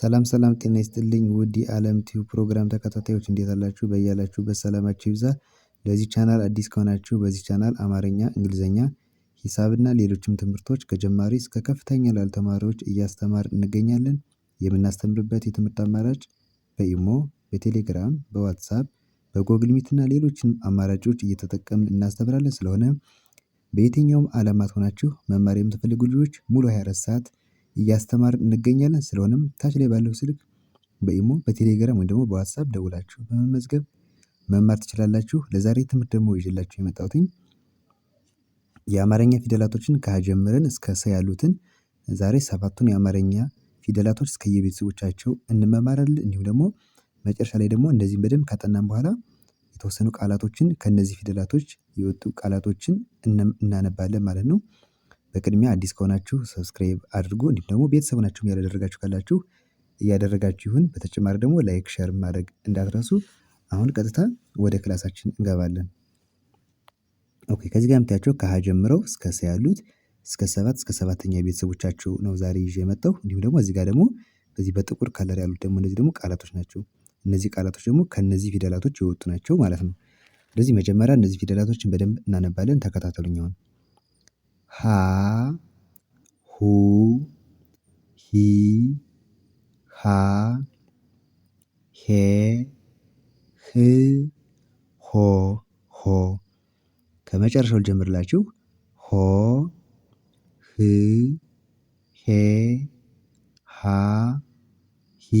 ሰላም ሰላም ጤና ይስጥልኝ ውድ የአለም ቲዩብ ፕሮግራም ተከታታዮች እንዴት አላችሁ በያላችሁበት ሰላማችሁ ይብዛ። ለዚህ ቻናል አዲስ ከሆናችሁ በዚህ ቻናል አማርኛ እንግሊዘኛ ሂሳብና ሌሎችም ትምህርቶች ከጀማሪ እስከ ከፍተኛ ላሉ ተማሪዎች እያስተማር እንገኛለን። የምናስተምርበት የትምህርት አማራጭ በኢሞ በቴሌግራም በዋትሳፕ በጎግል ሚት እና ሌሎችንም አማራጮች እየተጠቀምን እናስተምራለን። ስለሆነ በየትኛውም ዓለማት ሆናችሁ መማር የምትፈልጉ ልጆች ሙሉ 24 ሰዓት እያስተማርን እንገኛለን። ስለሆነም ታች ላይ ባለው ስልክ በኢሞ በቴሌግራም ወይም ደግሞ በዋትሳፕ ደውላችሁ በመመዝገብ መማር ትችላላችሁ። ለዛሬ ትምህርት ደግሞ ይዤላችሁ የመጣሁትኝ የአማርኛ ፊደላቶችን ከጀምረን እስከ ሰ ያሉትን ዛሬ ሰባቱን የአማርኛ ፊደላቶች የቤተሰቦቻቸው እንመማራለን። እንዲሁም ደግሞ መጨረሻ ላይ ደግሞ እንደዚህም በደንብ ካጠናን በኋላ የተወሰኑ ቃላቶችን ከእነዚህ ፊደላቶች የወጡ ቃላቶችን እናነባለን ማለት ነው። በቅድሚያ አዲስ ከሆናችሁ ሰብስክራይብ አድርጉ እንዲሁም ደግሞ ቤተሰብ ናችሁ ያላደረጋችሁ ካላችሁ እያደረጋችሁ ይሁን። በተጨማሪ ደግሞ ላይክ ሸር ማድረግ እንዳትረሱ። አሁን ቀጥታ ወደ ክላሳችን እንገባለን። ኦኬ ከዚህ ጋር የምታያቸው ከሀ ጀምረው እስከ ሰ ያሉት እስከ ሰባት እስከ ሰባተኛ ቤተሰቦቻቸው ነው ዛሬ ይዤ የመጣው። እንዲሁም ደግሞ እዚህ ጋር ደግሞ በዚህ በጥቁር ከለር ያሉት ደግሞ እነዚህ ደግሞ ቃላቶች ናቸው። እነዚህ ቃላቶች ደግሞ ከነዚህ ፊደላቶች የወጡ ናቸው ማለት ነው። ስለዚህ መጀመሪያ እነዚህ ፊደላቶችን በደንብ እናነባለን። ተከታተሉኝ አሁን ሃ ሁ ሂ ሃ ሄ ህ ሆ ሆ ከመጨረሻው ልጀምርላችሁ ሆ ህ ሄ ሃ ሂ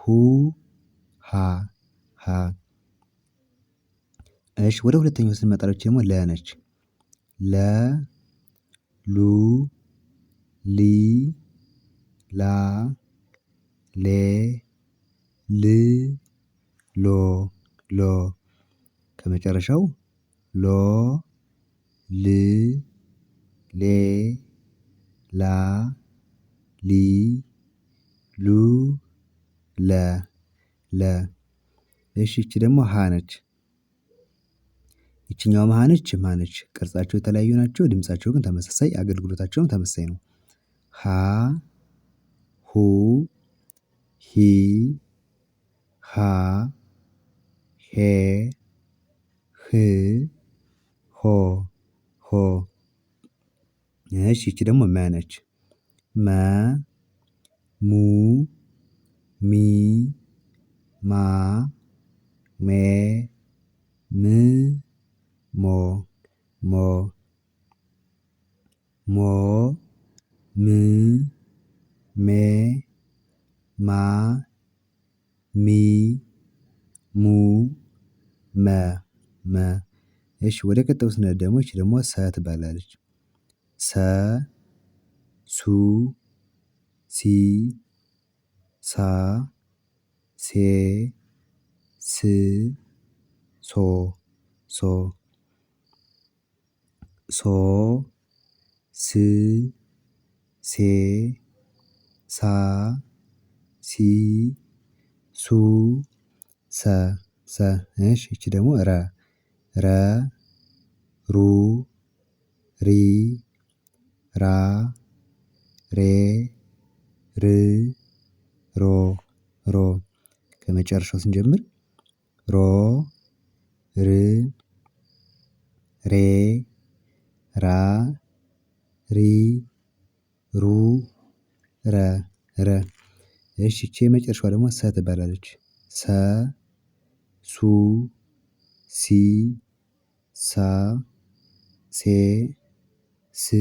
ሁ ሃ ሃ ወደ ሁለተኛው ደግሞ ለ ሉ ሊ ላ ሌ ል ሎ ሎ ከመጨረሻው ሎ ል ሌ ላ ሊ ሉ ለ ለ እሺ ይቺ ደግሞ ሀ ነች ይችኛው መሃነች ማነች ቅርጻቸው የተለያዩ ናቸው። ድምፃቸው ግን ተመሳሳይ፣ አገልግሎታቸውም ተመሳሳይ ነው። ሀ ሁ ሂ ሃ ሄ ህ ሆ ሆ። እሺ ይቺ ደግሞ መነች መ ሙ ሚ ማ ሜ ም ሞ ሞ ሞ ም ሜ ማ ሚ ሙ መ መ እሺ ወደ ቀጣዩ ስንሄድ ደግሞ ይቺ ደግሞ ሰ ትባላለች። ሰ ሱ ሲ ሳ ሴ ስ ሶ ሶ ሶ ስ ሴ ሳ ሲ ሱ ሰ ሰ እሺ ይቺ ደግሞ ረ ረ ሩ ሪ ራ ሬ ር ሮ ሮ ከመጨረሻው ስንጀምር ሮ ር ሬ ራ ሪ ሩ ረ ረ እሺ ይቺ የመጨረሻዋ ደግሞ ሰ ትባላለች። ሰ ሱ ሲ ሳ ሴ ስ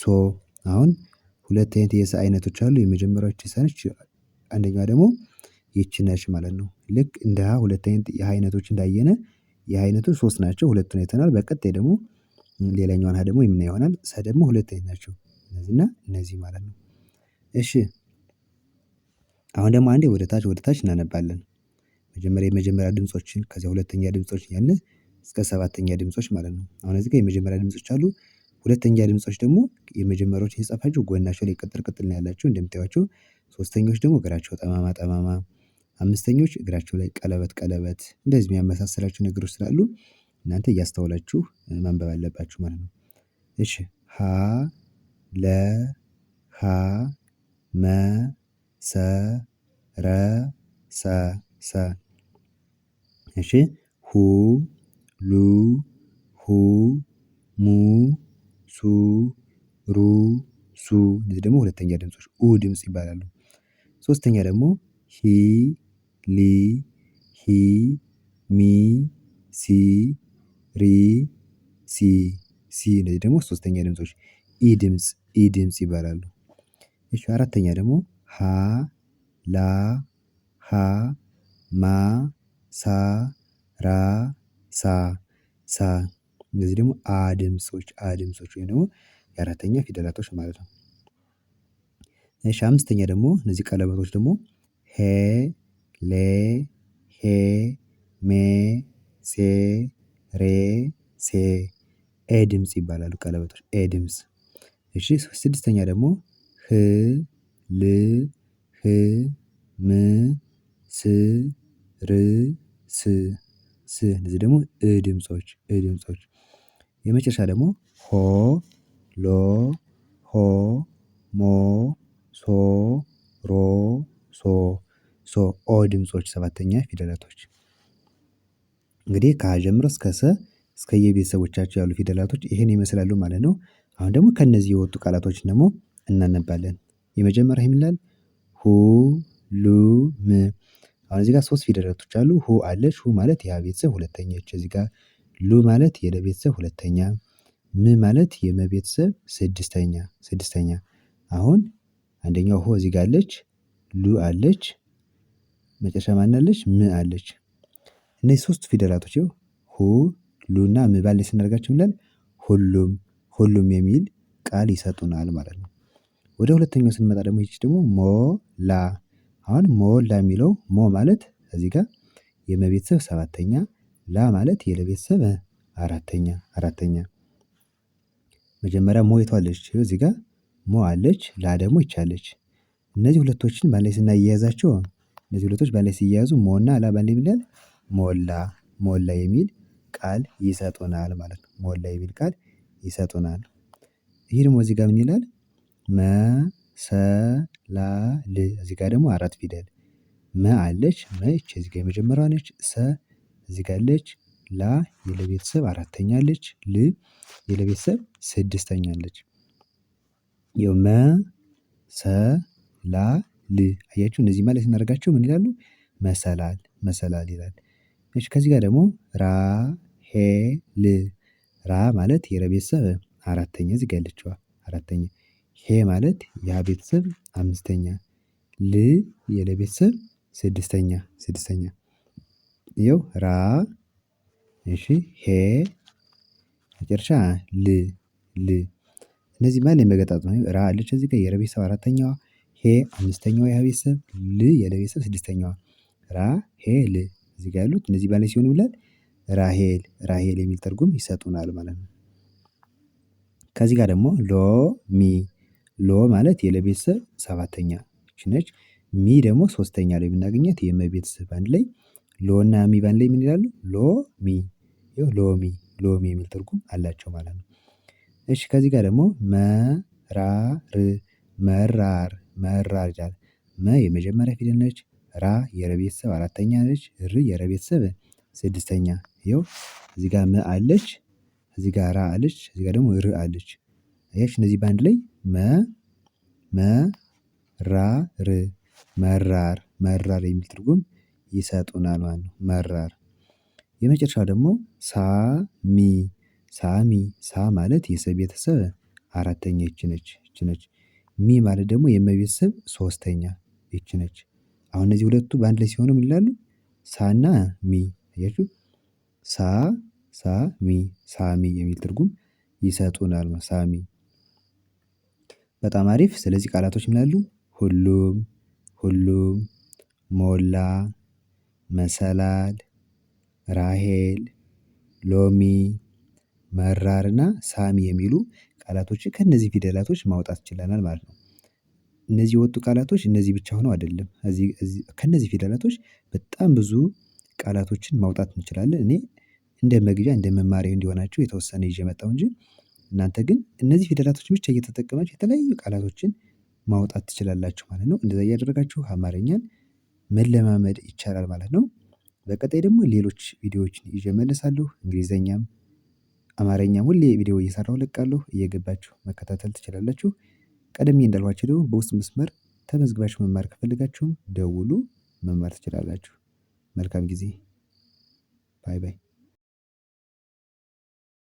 ሶ አሁን ሁለት አይነት የሰ አይነቶች አሉ። የመጀመሪያው ይቺ ሰ ነች። አንደኛዋ ደግሞ ይቺ ነች ማለት ነው። ልክ እንደ ሀ ሁለት አይነት የሀ አይነቶች እንዳየነ የሀ አይነቶች ሶስት ናቸው። ሁለቱን አይተናል። በቀጣይ ደግሞ ሌላኛዋን ሀ ደግሞ የምና ይሆናል። ሰ ደግሞ ሁለት አይነት ናቸው እነዚህ እነዚህ ማለት ነው። እሺ አሁን ደግሞ አንዴ ወደ ታች ወደ ታች እናነባለን። መጀመሪያ የመጀመሪያ ድምፆችን ከዚያ ሁለተኛ ድምፆችን ያለ እስከ ሰባተኛ ድምጾች ማለት ነው። አሁን እዚህ ጋር የመጀመሪያ ድምጾች አሉ። ሁለተኛ ድምጾች ደግሞ የመጀመሪያዎች የጻፋቸው ጎናቸው ላይ ቅጥል ቅጥል ነው ያላቸው እንደምታዩዋቸው። ሶስተኞች ደግሞ እግራቸው ጠማማ ጠማማ አምስተኞች እግራቸው ላይ ቀለበት ቀለበት እንደዚህ የሚያመሳሰላቸው ነገሮች ስላሉ እናንተ እያስተውላችሁ ማንበብ አለባችሁ ማለት ነው። እሺ ሀ ለ ሀ መ ሰ ረ ሰ ሰ እሺ ሁ ሉ ሁ ሙ ሱ ሩ ሱ እነዚህ ደግሞ ሁለተኛ ድምፆች ኡ ድምፅ ይባላሉ። ሶስተኛ ደግሞ ሂ ሊ ሂ ሚ ሲ ሪ ሲ ሲ እነዚህ ደግሞ ሶስተኛ ድምጾች ኢ ድምጽ ኢ ድምፅ ይባላሉ። እሺ አራተኛ ደግሞ ሀ ላ ሀ ማ ሳ ራ ሳ ሳ እነዚህ ደግሞ አ ድምጾች አ ድምጾች ወይም ደግሞ የአራተኛ ፊደላቶች ማለት ነው። እሺ አምስተኛ ደግሞ እነዚህ ቀለበቶች ደግሞ ሄ ሌ ሄ ሜ ሴ ሬ ሴ ኤ ድምፅ ይባላሉ ቀለበቶች ኤ ድምፅ እሺ ስድስተኛ ደግሞ ህ ል ህ ም ስ ር ስ ስ እነዚህ ደግሞ እ ድምጾች እ ድምፆች የመጨረሻ ደግሞ ሆ ሎ ሆ ሞ ሶ ሮ ሶ ሶ ኦ ድምፆች ሰባተኛ ፊደላቶች እንግዲህ ከሀ ጀምሮ እስከ ሰ እስከየቤተሰቦቻቸው ያሉ ፊደላቶች ይሄን ይመስላሉ ማለት ነው። አሁን ደግሞ ከነዚህ የወጡ ቃላቶችን ደግሞ እናነባለን። የመጀመሪያ ይሄ ምን ሁ ሉ ም አሁን እዚህ ጋር ሶስት ፊደላቶች አሉ። ሁ አለች። ሁ ማለት የሀ ቤተሰብ ሁለተኛች። እዚህ ጋር ሉ ማለት የለ ቤተሰብ ሁለተኛ፣ ም ማለት የመ ቤተሰብ ስድስተኛ ስድስተኛ። አሁን አንደኛው ሆ እዚህ ጋር አለች፣ ሉ አለች፣ መጨረሻ ማናለች? ም አለች። እነዚህ ሶስት ፊደላቶች ይኸው ሁ ሉና ም ስናደርጋቸው ብለን ሁሉም ሁሉም የሚል ቃል ይሰጡናል ማለት ነው። ወደ ሁለተኛው ስንመጣ ደግሞ ይች ደግሞ ሞ ላ አሁን ሞ ላ የሚለው ሞ ማለት እዚህ ጋር የመቤተሰብ ሰባተኛ ላ ማለት የለቤተሰብ አራተኛ አራተኛ መጀመሪያ ሞ የተዋለች እዚህ ጋር ሞ አለች ላ ደግሞ ይቻለች እነዚህ ሁለቶችን ባላይ ስናያያዛቸው እነዚህ ሁለቶች ባላይ ሲያያዙ ሞና ላ ባላይ ብለን ሞላ ሞላ የሚል ቃል ይሰጡናል ማለት ነው። ሞላ የሚል ቃል ይሰጡናል። ይሄ ደግሞ እዚህ ጋር ምን ይላል? መሰላል እዚህ ጋር ደግሞ አራት ፊደል መ አለች መ እዚህ ጋር ነች። ሰ እዚህ ጋር አለች። ላ የለቤተሰብ አራተኛ አለች። ል የለቤተሰብ ስድስተኛ አለች። ያው መ ሰ ላ ል አያችሁ። እነዚህ ማለት ስናደርጋቸው ምን ይላሉ? መሰላል መሰላል ይላል እሺ ከዚህ ጋር ደግሞ ራ ሄ ል ራ ማለት የረ ቤተሰብ አራተኛ እዚህ ጋር ያለችዋ አራተኛ ሄ ማለት ያ ቤተሰብ አምስተኛ ል የለ ቤተሰብ ስድስተኛ ስድስተኛ ይኸው ራ እሺ ሄ መጨረሻ ል ል እነዚህ ማን የመገጣጥ ነው? ራ አለች እዚህ ጋር የረ ቤተሰብ አራተኛዋ ሄ አምስተኛዋ የሀ ቤተሰብ ል የለ ቤተሰብ ስድስተኛዋ ራ ሄ ል እዚህ ጋር ያሉት እነዚህ ባለ ሲሆን ይላል ራሄል ራሄል የሚል ትርጉም ይሰጡናል ማለት ነው። ከዚህ ጋር ደግሞ ሎሚ ሎ ማለት የለቤተሰብ ሰባተኛ ነች። ሚ ደግሞ ሶስተኛ ላይ የምናገኘት የመቤተሰብ አንድ ላይ እና ሚ ባንድ ላይ ምን ይላሉ? ሚ ሎሚ ሎሚ የሚል ትርጉም አላቸው ማለት ነው። እሺ ከዚህ ጋር ደግሞ መራር መራር መራር ይላል። መ የመጀመሪያ ፊደል ነች። ራ የረቤተሰብ አራተኛ ነች። ር የረቤተሰብ ስድስተኛ ይኸው እዚህ ጋር መ አለች እዚህ ጋር ራ አለች እዚህ ጋር ደግሞ ር አለች። አያችሁ እነዚህ በአንድ ላይ መ መ ራ ር መራር መራር የሚል ትርጉም ይሰጡናል ማለት ነው። መራር የመጨረሻው ደግሞ ሳሚ ሳሚ ሳ ማለት የሰ ቤተሰብ አራተኛ ይች ነች ይች ነች። ሚ ማለት ደግሞ የመቤተሰብ ሶስተኛ ይች ነች። አሁን እነዚህ ሁለቱ በአንድ ላይ ሲሆኑ ምን ይላሉ? ሳና ሚ አያችሁ? ሳ ሳ ሚ ሳሚ የሚል ትርጉም ይሰጡናል። ሳሚ በጣም አሪፍ። ስለዚህ ቃላቶች ምን ይላሉ? ሁሉም ሁሉም፣ ሞላ፣ መሰላል፣ ራሄል፣ ሎሚ፣ መራርና ሳሚ የሚሉ ቃላቶችን ከእነዚህ ፊደላቶች ማውጣት ችለናል ማለት ነው። እነዚህ የወጡ ቃላቶች እነዚህ ብቻ ሆነው አይደለም እዚህ ከእነዚህ ፊደላቶች በጣም ብዙ ቃላቶችን ማውጣት እንችላለን። እኔ እንደ መግቢያ እንደ መማሪያ እንዲሆናችሁ የተወሰነ ይዤ መጣሁ እንጂ እናንተ ግን እነዚህ ፊደላቶች ብቻ እየተጠቀማችሁ የተለያዩ ቃላቶችን ማውጣት ትችላላችሁ ማለት ነው። እንደዛ እያደረጋችሁ አማርኛን መለማመድ ይቻላል ማለት ነው። በቀጣይ ደግሞ ሌሎች ቪዲዮዎችን ይዤ እመልሳለሁ እንግሊዘኛም አማርኛም ሁሌ ቪዲዮ እየሰራሁ እለቃለሁ እየገባችሁ መከታተል ትችላላችሁ ቀደም እንዳልኳችሁ ደግሞ በውስጥ መስመር ተመዝግባችሁ መማር ከፈለጋችሁም ደውሉ መማር ትችላላችሁ። መልካም ጊዜ። ባይ ባይ